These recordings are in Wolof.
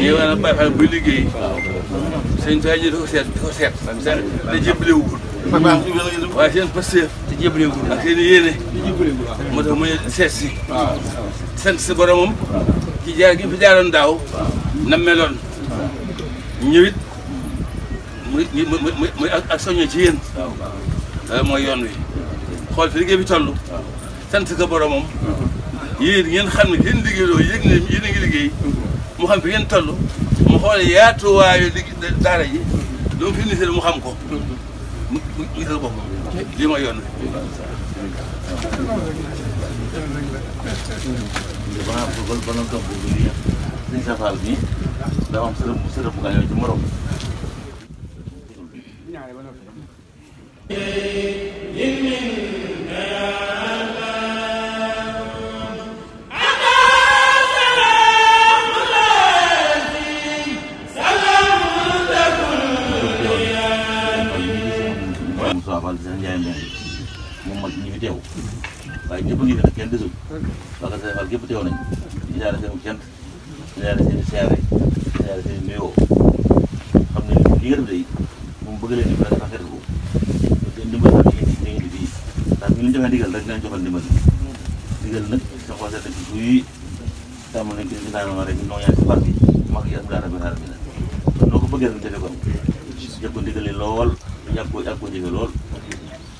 ñu maanaam Baye Fall buy liggéey. sëñ Tuubaa ñu di ko seet di ko seet. te jébbalewul. waaye seen pasteur. te jébbalewul ak seen i yéene. moo tax mu ne seet si. sant si boromam. ci jaar gi fi jaaroon daaw na meloon ñëwit muy muy ak soñño ci yéen mooy yoon wi xool fi liggéey bi toll sant ko boromam yéen ngeen xam ne gën liggéey loolu yëg ne yéen a ngi liggéey mu xam fi ngeen toll mu xoole yaatuwaayu li daara ji lu mu fi nisee mu xam ko mu mooy yoon wi bi ba nga ba nga gëm bi bu lii sëñ Safal mii daa am sërëm sërëm bu nga ñëw ci morom ndimbal ndigal nag sa xol sedd ci guy sàmm nañ ko ci naan ma rek ñoo yaa ci parti mag yi ak rabbi rabbi la kon noo ko bëggee rek defe ko jàpp ko ndigal lool yàgg ko yàgg ko ndigal lool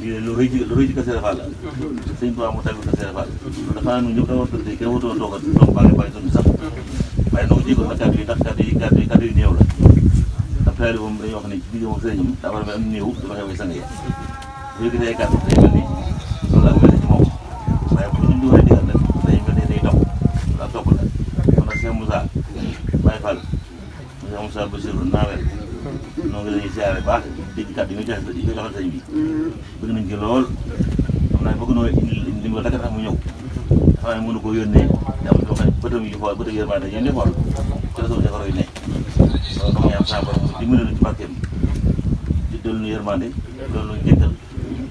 lii lu rëy ci lu rëy ci Kassé Fall la sëñ Tuubaa mu tàggu Kassé Fall dafa nu ñëpp da war ko tey kenn wutoo toogal doom baa ngi bàyyi dund sax waaye noo jégal na kàddu yi ndax kàddu yi kàddu yi kàddu yu néew la ndax taali moom dañuy wax ne ci diggam ak sëriñam daa war a mel am néew dafa xew sang yi bu yëkkatee kàddu day mel ni sëñ Moussa Baye Fall sëñ Moussa Bassirou Nawel noo ngi lay siyaare baax dégg kàddu yi nga joxe yi nga a sëñ bi bëgg nañ ci lool xam naa bëgg noo indi ndimbal rek tax mu ñëw dafa ne mënu ko yónnee te am loo xam di xool ci la suñu defaroo ne loolu dama ñaan saa borom dimbali nu ci barkeem di dool nu yërmande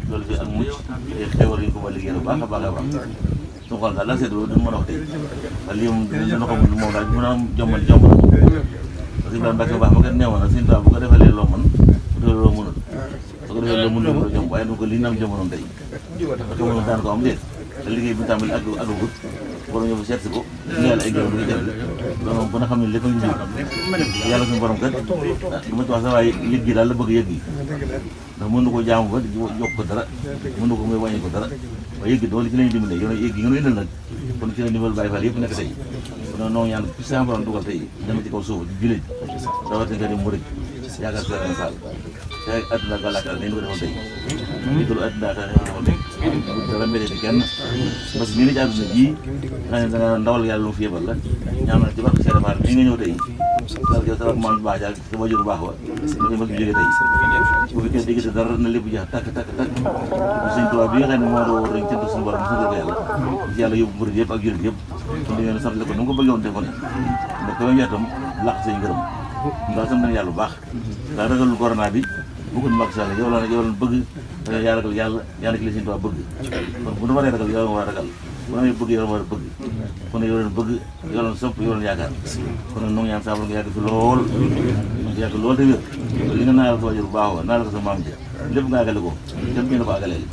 ak mucc te xewal yi ko ma liggéeyal bu baax a baax a baax su xool daal la seetlu duñ mën a wax tey ndax lii moom dina ko moom daal mën a am jombal jombal moom parce que Ibrahima Mbacke baax ma kat nee woon Sëñ Tuubaa bu ko defee loo mën bu defee loo mënul su ko defee loo mënul ko jomb waaye du ko lii ñu am jombaloon tey parce que mënul daan ko am déet te liggéey bi tàmbali ak agogut borom ñëw seet si ko ñëwal ay gërëm di ko jënd loolu moom ba nga xam ne lépp a ngi jiw yàlla suñu borom kat du ma ci wax sax waaye yëg gi daal la bëgg yëg yi ndax mën na ko jaamu ba yokk ko dara mën na ko muy wàññi ko dara waaye yëg gi doole ci lañu dimbale yow yëg gi ngeen indil nag kon ci la dimbal Baye Fall yëpp nekk tey kon noo ngi ñaan sa borom dugal tey dama ci kaw nga dem murid yaakaar si da nga ndawal yàlla nga ñëw tey baax daal sama jur baax wa ñu ma jógee tey bu fekkee dégg dara na lépp jeex tàkk tàkk tàkk sëñ Tuubaa bi nga xam ne moo doo war nañ sant suñu borom sant ko yàlla yàlla yóbbu murid yëpp ak yonent yëpp kon dañu leen sant ko nu ko bëggoon defoon ndax ko yeetam làq seen ngërëm ndax sant nañ yàlla bu baax ndax ragalul corona bi bu ko Macky Sall yow la yow la bëgg yaa ragal yàlla yaa ragal sëñ Tuubaa bëgg kon bu nu waree ragal yow la war a ragal bu nu waree bëgg yow la war a bëgg ku ne yoo leen bëgg yoo leen sopp yoo leen yaakaar kon nag nu ngi ñaan saa nga yàgg fi lool nu lool te nga naanal ko wajur baaxoo naanal ko sa maam ja lépp nga àggale ko kenn kenn ko àggaleel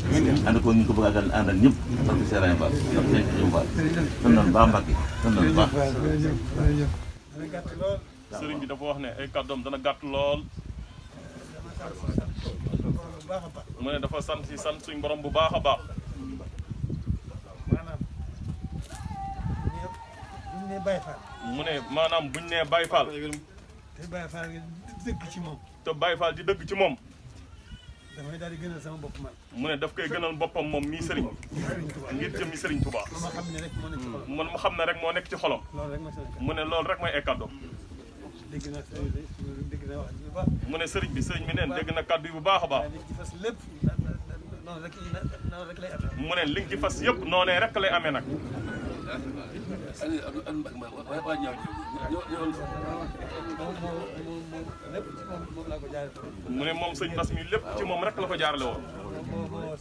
ànd ko ñu ko bëgg àggal àndal ñëpp parce que seeraan baax parce que seeraan baax san baax Mbàkke san nan baax sëriñ bi dafa wax ne ay kàddoom dana gàtt lool mu ne dafa sant si bu baax ba ne Baye mu ne maanaam buñ nee Baye Fall. te Baye Fall di dëgg ci moom. te Baye Fall di dëgg ci moom. damay daal di gënal bopp man. mu ne daf koy gënal boppam moom mii Serigne. ngir jëmmi Serigne Touba. ma xam ne rek moo nekk xam ne rek moo nekk ci xolam. mu ne loolu rek mooy ekkado. dégg na dégg na wax bu baax. mu ne Serigne bi Serigne bi neen dégg na kaddu yi bu baax a baax. noonu rek lay mu ne li nga ci fas yëpp noonee rek lay amee nag. mu ne moom sëñ Bass mi lépp ci moom rek la ko jaarale woon. waaw.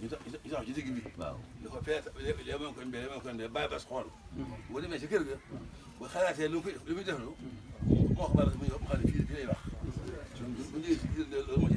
ñu tax ñu tax ci digg bi. waaw da ko fee lee moom koy mbee lee moom koy mbee bàyyi bas xool. boo demee ci kër ga. bu xalaatee lu muy lu muy deflu. moo ko baal mu ñëw mu xam ne fii fii lay wax. bu ñu jógee ci loolu moo ci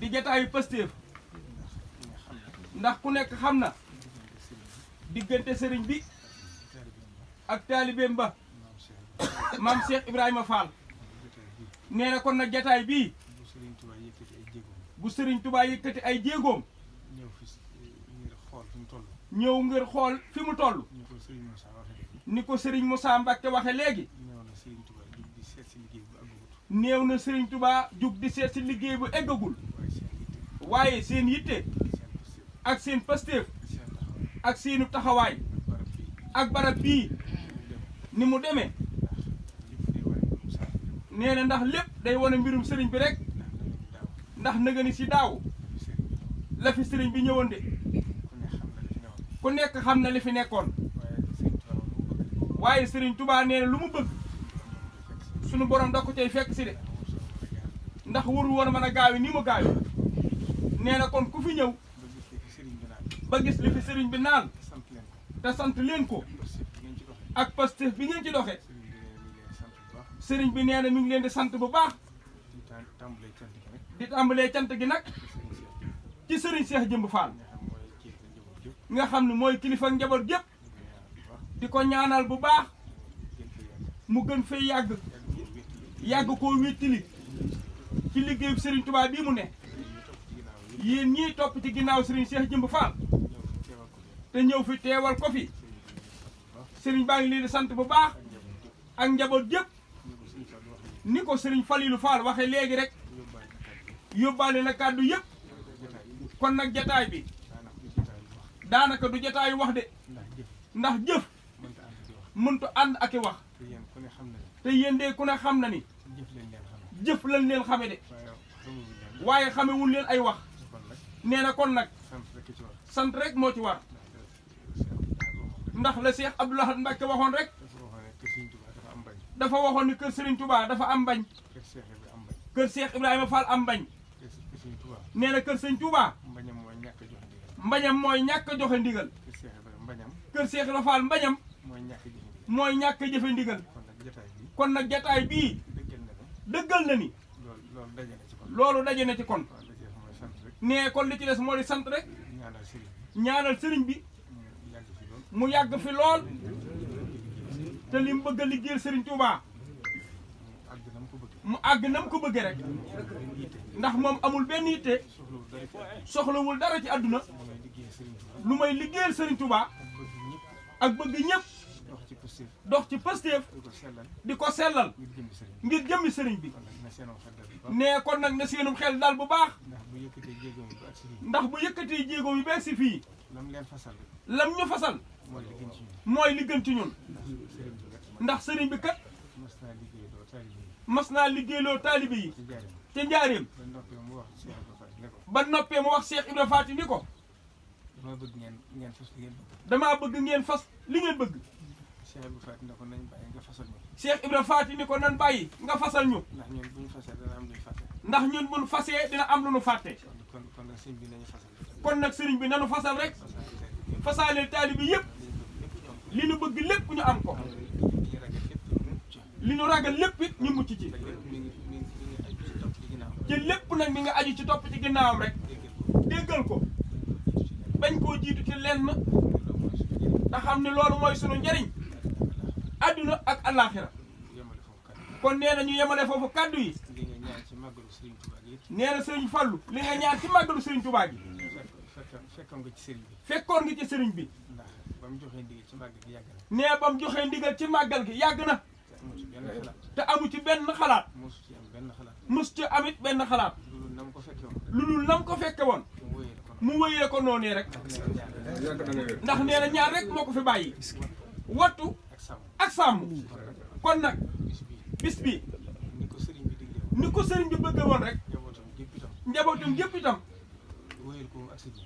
di jataayu Pastef ndax ku nekk xam na diggante sëriñ bi ak taalibeem ba maam Cheikh Ibrahima Fall nee na kon nag jataay bii bu sëriñ Touba yëkkati ay jéegoom ñëw ngir xool fi mu toll ni ko sëriñ Moussa Mbacke waxe léegi ñëw na sëriñ Touba jóg di seet si liggéey néew na sëriñ tubaa jug di seet si liggéey bu eggagul waaye seen yitte ak seen pasteef ak seenu taxawaay ak barab bii ni mu demee nee ndax lépp day wone mbirum sëriñ bi rek ndax nëga ci si daaw la sëriñ bi ñëwoon de ku nekk xam na li fi nekkoon waaye sëriñ Touba nee lu mu bëgg. suñu borom da ko cay fekk si de ndax warul woon mën a gaaw nii mu gaaw nee na kon ku fi ñëw ba gis li fi sëriñ bi naan te sant leen ko ak pastef bi ngeen ci doxee sëriñ bi nee na mi ngi leen di sant bu baax di tàmbalee cant gi nag ci sëriñ Seex Jëmb Faal nga xam ne mooy kilifa njaboot gépp di ko ñaanal bu baax mu gën fay yàgg yàgg koo wéttali ci liggéeyu Serigne Touba bii mu ne yéen ñii topp ci ginnaaw Serigne Cheikh Jëmb Fall te ñëw fi teewal ko fi Serigne baa ngi leen di sant bu baax ak njaboot yëpp ni ko Serigne Falilou Fall waxe léegi rek yóbbaale na kàddu yëpp kon nag jataay bi daanaka du jataayu wax de ndax jëf mëntu ànd ak i wax. te yéen de ku ne xam na ni. jëf lañ leen xame de. waaye xamewul leen ay wax. nee na kon nag. sant rek moo ci war. ndax la Cheikh Abdoul Ahad Mbacké waxoon rek. dafa waxoon ni kër Serigne Touba dafa am bañ. kër Cheikh Ibrahima Fall am bañ. nee na kër Serigne Touba. mbañam mooy ñàkk joxe ndigal. mbañam mooy ñàkk joxe ndigal. kër Cheikh Ibrahima Fall mbañam. mooy ñàkk jëfe ndigal. kon nag jataay bii dëggal na ni loolu daje na ci kon nee kon li ci des moo di sant rek ñaanal sëriñ bi mu yàgg fi lool te li mu bëgg a liggéeyal sëriñ Touba mu àgg na mu ko bëggee rek ndax moom amul benn yitte soxlawul dara ci àdduna lu may liggéeyal sëriñ Touba ak bëgg ñëpp dox ci pësteef di ko sellal ngir jëmmi sëriñ bi nee kon nag na seenum xel daal bu baax ndax bu yëkkatee jéego yu bees si fii lam ñu fasal mooy li gën ci ñun ndax sëriñ bi kat mas naa liggéeyloo taalibe yi ca njaareem ba noppee mu wax Cheikh Ibrahima Faati ni ko damaa bëgg ngeen fas li ngeen bëgg Cheikh Ibrahima Faty ko nañ bàyyi nga fasal ñu. Cheikh Ibrahima Faty ni ko nan bàyyi nga fasal ñu. ndax ñun buñ fasee dina am lu ñu fàtte. ndax ñun buñ fasee dina am lu ñu fàtte. kon kon nag sëriñ bi nañu fasal. kon nag sëriñ bi nanu fasal rek. fasaleel taalibe yëpp. li nu bëgg lépp ñu am ko. li ñu ragal lépp ñu mucc ci. ci lépp nag mi nga aju ci topp ci ginnaawam rek. déggal ko. bañ koo jiitu ci leen na te xam ne loolu mooy sunu njariñ. àdduna ak àllaaxira kon nee na ñu yemale foofu kàddu yi nee na sëriñ Fallu li nga ñaan ci màggalu sëriñ Tuubaa gi fekkoon nga ci sëriñ bi fekkoon nga ci sëriñ bi ba mu joxee ndigal ci màggal gi yàgg na nee ba mu joxee ndigal ci màggal gi yàgg na te amu ci benn xalaat mus ci am benn xalaat mus ci amit benn xalaat lu nam ko fekke lu dul nam ko fekke woon mu wëyee ko noonee rek ndax nee na ñaar rek moo ko fi bàyyi wattu ak sàmm kon nag bis bi ni ko sëriñ bi digle ni ko sëriñ bi bëgg woon rek njabootam gépp itam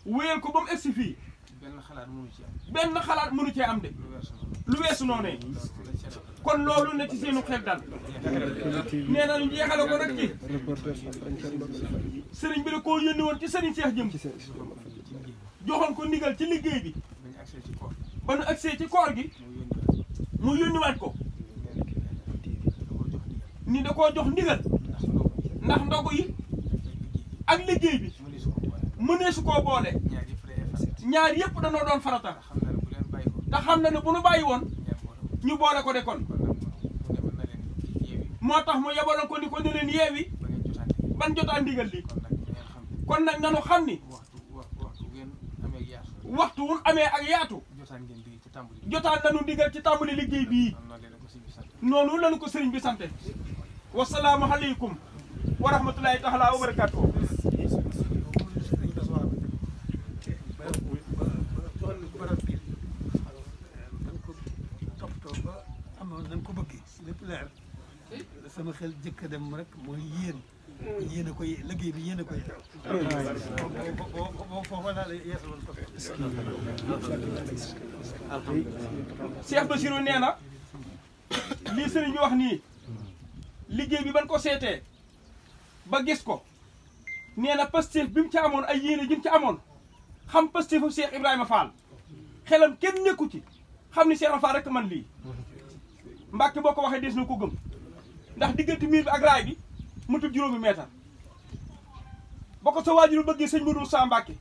wéyal ko ba mu egsi fii ko ba mu egsi fii benn xalaat mënu ci am benn xalaat mënu cee am de lu weesu noonee kon loolu ne ci seenu xel dal nee na ñu jeexale ko nag ci sëriñ bi da koo yónni woon ci sëriñ Cheikh jëm joxoon ko ndigal ci liggéey bi ba nu agsee ci koor gi mu yónniwaat ko ni da koo jox ndigal ndax ndogu yi ak liggéey bi mënee su koo boole ñaar yëpp danoo doon farata te xam na ne bu nu bàyyi woon ñu boole ko de kon moo tax mu yebaloon ko ni ko ne leen yeewi ban jotaa ndigal li kon nag nanu xam ni waxtu wun amee ak yaatu jotaat nañu ndigal ci tàmbali liggéey bii noonu lañu ko sëriñ bi sante wasalaamu aleykum wa rahmatulahi taala wa barakaatu sama xel jëkk a dem rek mooy yéen yéen a koy liggéey bi yéen a koy foofa laa lay yeesaloon Cheikh Bassirou nee na lii sëriñ bi wax nii liggéey bi ban ko seetee ba gis ko nee na pastéef bi mu ca amoon ay yéene ji ci amoon xam pastéefu Cheikh Ibrahima Fall xelam kenn nekku ci xam ni Cheikh Ibrahima Fall rek man lii Mbàkke boo ko waxee des na ko gëm ndax diggante miir bi ak raay bi mu tudd juróomi meetar ba ko sa waajuru bëggee sëñ Modou Sa Mbàkke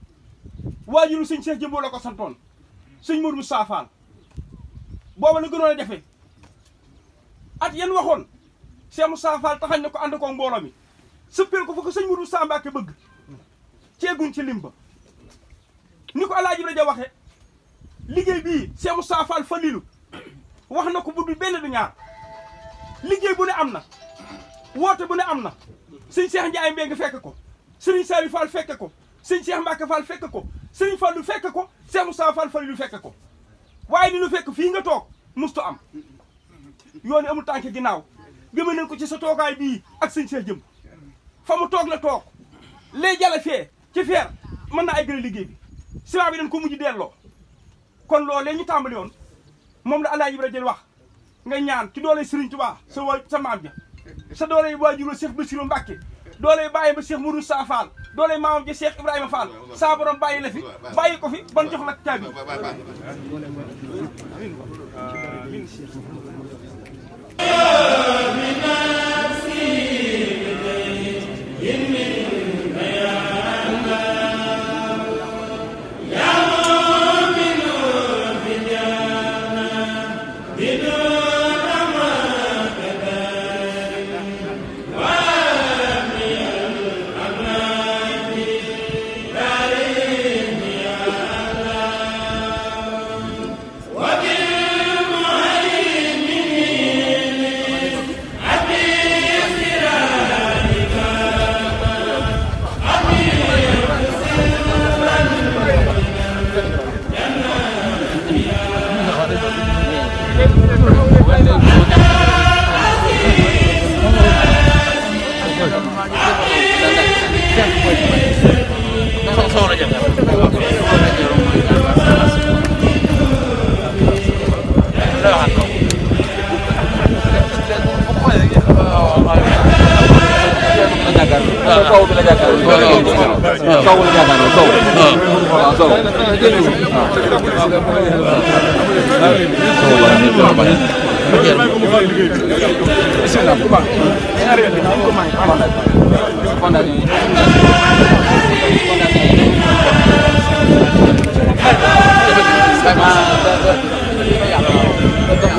waajuru sëñ Cheikh Jëmboo la ko santoon sëñ Modou Moustapha Fall booba la gënoon a jafe at yan waxoon sëñ Moustapha Fall taxañ na ko ànd ko mbooloo mi sëppeel ko fa sëñ Modou Moustapha Mbacke bëgg ceeguñ ci limba ni ko Alaaji Ibrahima waxe liggéey bii sëñ Moustapha Fall falilu wax na ko bu du benn du ñaar liggéey bu ne am na woote bu ne am na sëñ Cheikh Ndiaye Mbengue fekk ko sëriñ Saliou Fall fekk ko sëñ Cheikh Mbacke Fall fekk ko sëriñ Fallu fekk ko Cheikh Moussa fa Fall lu ko waaye ni lu fekk fii nga toog mustu am yoon amul tànk ginnaaw gëme nañ ko ci sa toogaay bii ak sëñ Cheikh jëm fa mu toog la toog lay jala fee ci feer mën naa ay gën liggéey bi ciment bi dañ ko mujj delloo kon loolee ñu tàmbali woon moom la Alaaji Ibra jël wax nga ñaan ci doole Serigne Touba sa waa sa maam ja sa doole yi waajur Cheikh Bassirou Mbacké doole yi bàyyi ba Cheikh Mourou Safal doole maamam ji Cheikh Ibrahima Fall saa borom bàyyi la fi bàyyi ko fi ban jox la caabi amiin kaw bi la jàkkaarloo kaw bi la jàkkaarloo kaw waaw kaw may leen may leen may leen. da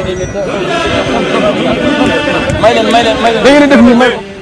ngeen di def nii may.